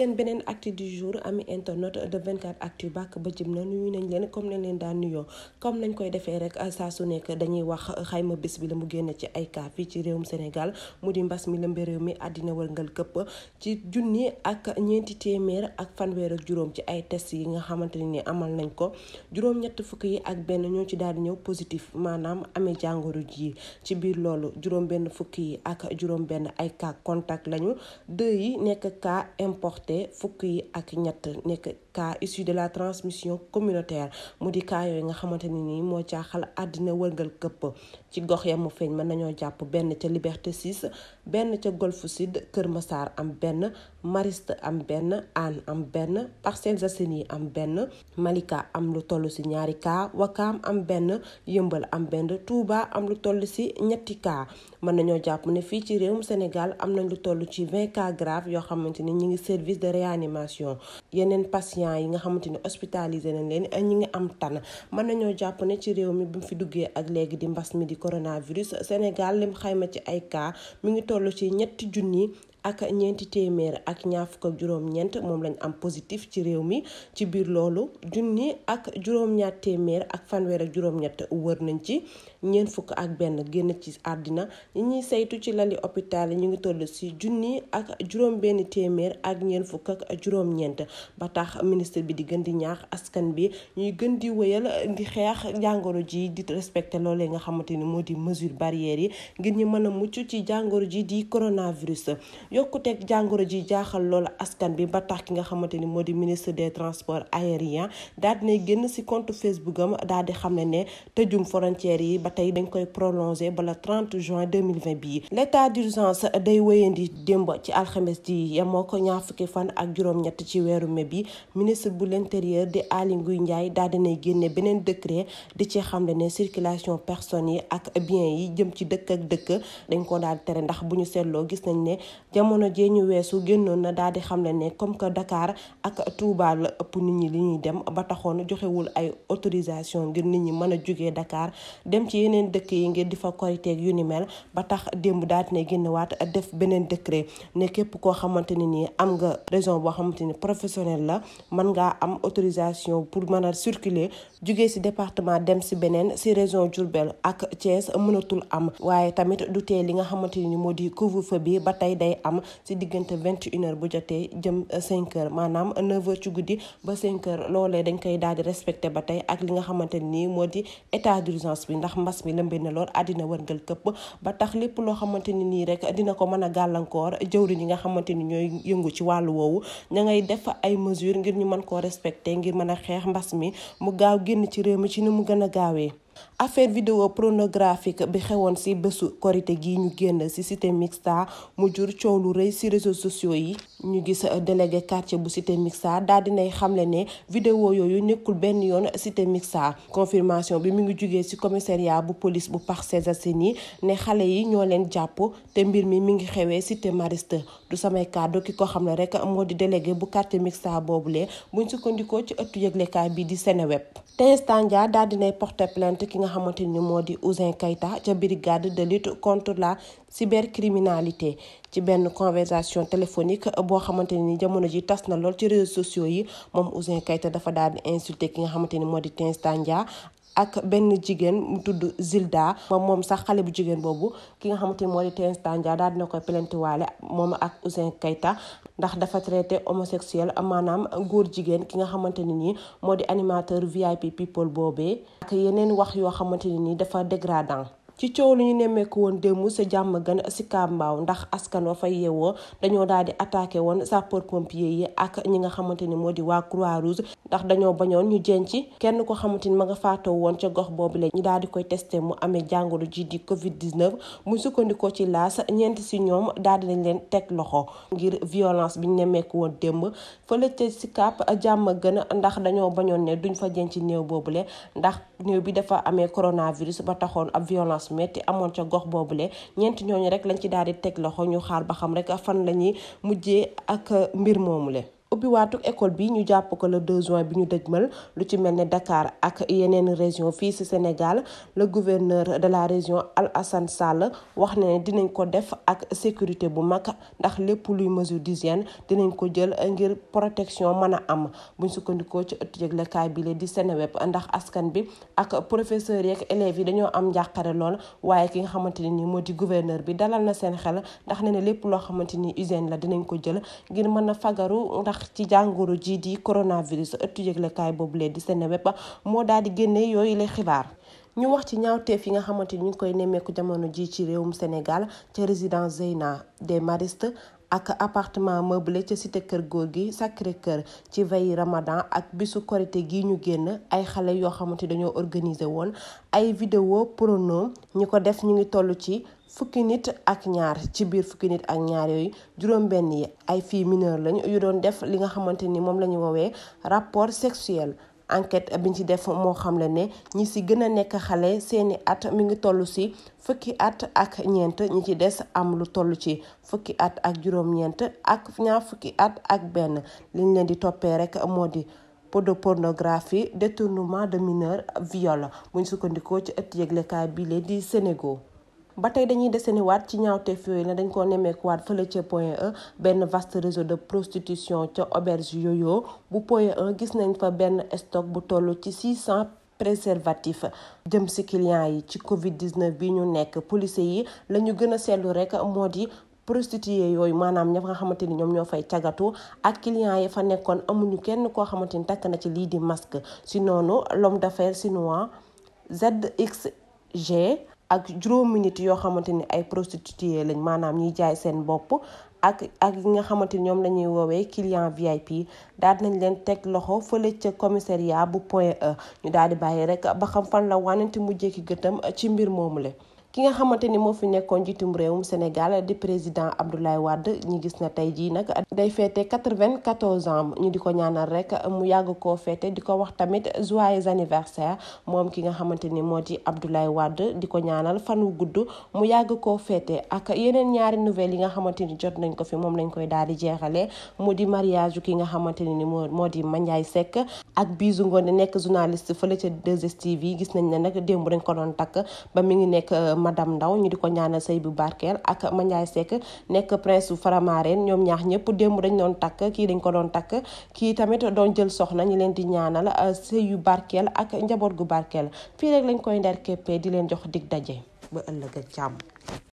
seen beneen actu du jour ami internet de 24 actu bàkk ba jëm na nuyu nañ leen comme nañ leen daan nuyoo comme nañ koy defee rek euh, saa su nekk dañuy wax euh, xayma bis bi la mu génnee ci ay kaa fi ci réewum Sénégal mu di mbas mi la réew mi àddina wërngal këpp ci junni ak ñeenti téeméer ak fanweer ak juróom ci ay test yi nga xamante ni amal nañ ko juróom-ñett fukk yi ak benn ñoo ci daal di ñëw positif maanaam amee jàngoro ji ci biir loolu juróom fukk yi ak juróom-benn ay cas lañu deux yi nekk cas importé te fukk yi ak ñett nekk cas issus de la transmission communautaire mu di cas yooyu nga xamante ni nii moo jaaxal àddina wërngal këpp ci gox ya mu feeñ mën nañoo jàpp benn ca Liberté 6 benn ca Golf Sud Kër masaar am benn Mariste am benn Hann am benn Parcelles Assainies am benn Malika am lu toll si ñaari cas Wakaam am benn Yëmbal am benn Touba am lu toll si ñetti cas mën nañoo jàpp ne fii ci réewum Sénégal am nañ lu toll ci 20 cas grave yoo xamante ni ñi ngi service de réanimation patients yi nga xamante ni hospitalisé nañ leen ñu ngi am tan mën nañoo jàpp ne ci réew mi bu mu fi duggee ak léegi di mbas mi di coronavirus Sénégal lim xayma ci ay cas mi ngi toll ci ñetti junni ak ñeenti téeméer ak ñaar fukk ak juróom-ñeent moom lañ am positif ci réew mi ci biir loolu junni ak juróom-ñaar téeméer ak fanweer ak juróom-ñett wër nañ ci ñeent fukk ak benn génn ci àddina ñi saytu ci lali hôpital yi ñu ngi toll si junni ak juróom téeméer ak ñeent fukk ak ba tax ministre bi di gën di ñaax askan bi ñuy gën di wéyal di xeex jàngoro ji di respecté loolee nga xamante ni moo di mesure barrière yi ngir ñi mën a mucc ci jàngoro ji di coronavirus. yokkuteeg jàngoro ji jaaxal loolu askan bi ba tax ki nga xamante ni moo di ministre des transports aériens daal dinay génn si compte Facebook am daal di xam ne ne tëjum frontières yi ba tey dañ koy prolongé bala 30 juin 2020 bii l' état d' urgence day wéyandi démb ci alxames ji yemoo ko ñaar fukki fan ak juróom-ñett ci weeru mai bi ministre bu l' intérieur di Aly Ngouille Ndiaye daal nay génne beneen décret di ci xam ne ne circulation personnes yi ak biens yi jëm ci dëkk ak dëkk dañ ko daal tere ndax bu ñu seetloo gis nañ ne jamono jee ñu weesu génnoon na daal di xam le ne comme que Dakar ak Touba la ëpp nit ñi li ñuy dem ba taxoon joxewul ay autorisation ngir nit ñi mën a jugee Dakar dem ci yeneen dëkk yi ngir di fa koriteeg yu ni mel ba tax démb daal di ne génnewaat def beneen décret ne képp koo xamante ne nii am nga raison boo xamante ni professionnel la man ngaa am autorisation pour mën a circuler jugee si département dem si beneen si région Diourbel ak Thiès mënatul am waaye am si diggante vingt et bu jotee jëm euh, cinq heures maanaam neuf heures ci guddi ba cinq heures loolee dañ koy daal di respecté ba tey ak li nga xamante ni moo di état d'urgence bi ndax mbas mi lëmbee na lool àddina wërngal këpp ba tax lépp loo xamante ni nii rek dina ko mën a gàllankoor jëwri li nga xamante ni ñooy yëngu ci wàllu woowu ña ngay def ay mesure ngir ñu mën koo respecté ngir mën a xeex mbas mi mu gaaw génn ci réew mi ci ni mu gën a gaawee affaire vidéo pornographique bi xewoon ci bésu korite gi ñu génn ci cité mixta mu jur coow lu rëy ci réseau sociaux yi ñu gis délégué quartier bu cité mixta daal dinay xamle ne vidéo yooyu nekkul benn yoon cité mixta confirmation bi mu ngi jugee ci commissariat bu police bu Parcelles Assainies ne xale yi ñoo leen jàpp te mbir mi mi ngi xewee cité Mariste du samay kàddu ki ko xam ne rek moo di délégué bu quartier mixta boobule buñ sukkandikoo ci ëttu yëglekaay bi di Seneweb Théès ki nga xamante ni moo di ousin Keita ca brigade de lutte contre la cybercriminalité ci benn conversation téléphonique boo xamante ni jamono ji tas na lool ci réseaux sociaux yi moom Ouzin Keita dafa daal di insulté ki nga xamante ni moo di Tinge Tandia ak benn jigéen mu tudd Zilda moom moom sax xale bu jigéen boobu ki nga xamante ni moo di Théoune Tandia daal dina koy plainte moom ak Ouzin Keita ndax dafa traité homosexuel maanaam góor jigéen ki nga xamante ne nii moo di animateur VIP people boobee ak yeneen wax yoo xamante ne nii dafa dégradant ci coow lu ñu nemmeeku woon démb sa jàmm gën si kàmbaaw ndax askanoo wa fa yeewoo dañoo daal di attaqué woon sapeur pompier yi ak ñi nga xamante ni moo di waa croix rouge ndax dañoo bañoon ñu jenci kenn ko xamante ni ma nga faatoo woon ca gox boobu la ñu daal di koy testé mu amee jàngoro ji di covid 19 mu sukkandikoo ci laas ñeent si ñoom daal di lañ leen teg loxo ngir violence bi ñu nemmeeku woon démb fële ca Sicap jàmm gën ndax dañoo bañoon ne duñ fa jenci néew boobule ndax néew bi dafa amee coronavirus ba taxoon ab violence su metti amoon ca gox boobu le ñeent ñooñu rek lañ ci daal di teg loxo ñu xaar ba xam rek fan la ñuy mujjee ak mbir moomu le ubbiwaatu école bi ñu jàpp ko la 2 juin bi ñu dëjmal lu ci mel ne Dakar ak yeneen région fii ci Sénégal la gouverneur de la région Al Hassan Sall wax na ne dinañ ko def ak sécurité bu mag ndax lépp luy di d'hygiène dinañ ko jël ngir protection mën a am buñ sukkandikoo ci ëtt yëglekaay bi lee di Seneweb ndax askan bi ak professeurs yeeg élèves yi dañoo am njàqare lool waaye ki nga xamante ne nii moo di gouverneur bi dalal na seen xel ndax ne ne lépp loo xamante ni hygiène la dinañ ko jël ngir mën a fagaru ci jàngoro ji di coronavirus ëttu yëglekaay boobu lee di Seneweb moo daal di génne yooyu la xibaar ñu wax ci ñaawteef yi nga xamante ni ñu ngi koy nemmeeku jamono ji ci réewum Sénégal ca résidence Zeyna des Maristes ak appartement meublé ca cité kër góor gi Sacré kër ci veille Ramadan ak bisu korite gi ñu génn ay xale yoo xamante dañoo organiser woon ay vidéo prono ñi ko def ñu ngi toll ci fukki nit ak ñaar ci biir fukki nit ak ñaar yooyu juróom-benn yi ay filles mineures lañ yu doon def li nga xamante ni moom la ñu woowee rapport sexuel. enquête biñ ci def moo xam le ne ñi si gën a nekk xale seeni at mi ngi tollu si fukki at ak ñeent ñi ci des am lu toll ci fukki at ak juróom-ñeent ak ñaar fukki at ak benn liñ leen di toppee rek moo di de pornographie détournement de mineur viol buñ sukkandikoo ci ëtt yëglekaay bi lee di Sénégal ba tey dañuy deseni waat ci ñaawteef yooyu ne dañ koo nemmeekuwaat fële ca Point E benn vaste réseau de prostitution ca auberge yooyu bu Point E gis nañ fa benn stock bu toll ci 600 préservatif jëm si client yi ci Covid 19 bi ñu nekk police yi la ñu gën a seetlu rek moo di prostituées yooyu maanaam ña nga xamante ni ñoom ñoo fay cagatu ak client yi fa nekkoon amuñu kenn koo xamante ni takk na ci lii di masque si noonu lom l'homme d'affaires chinois ZXG. ak juróomi nit yoo xamante ni ay prostituées lañ maanaam ñuy jaay seen bopp ak ak yi nga xamante ni ñoom la ñuy woowee client VIP daal nañ leen teg loxo fële ca commissariat bu Point E ñu daal di bàyyi rek ba xam fan la wànnante mujjee ki gëtam ci mbir moomu la ki nga xamante ni moo fi nekkoon njiitum réewum Sénégal di président Abdoulaye Wade ñi gis na tey jii nag day féete quatre-vingt-quatorze ans ñu di ko ñaanal rek mu yàgg koo féete di ko wax tamit joyeux anniversaire moom ki nga xamante ni moo di Abdoulaye Wade di ko ñaanal fan wu gudd mu yàgg koo féete ak yeneen ñaari nouvelles yi nga xamante ni jot nañ ko fi moom lañ koy daal di jeexalee moo di mariage ki nga xamante ni moo moo di Mandiaye Seck ak Bijou Ngoné nekk journaliste fële ca 2STV gis nañ ne nag démb dañ ko doon takk ba mi ngi nekk. Euh, ma dam Ndaw ñi di ko ñaanal sëy bu barkeel ak Mandiaye Seck nekk prince su Faramareen ñoom ñaax ñëpp démb dañu doon takk kii dañ ko doon takk kii tamit doon jël soxna ñu leen di ñaanal euh, sëy yu barkeel ak njaboot gu barkeel fii rek lañ koy nder képpee di leen jox dig daje ba ëllëg a càmm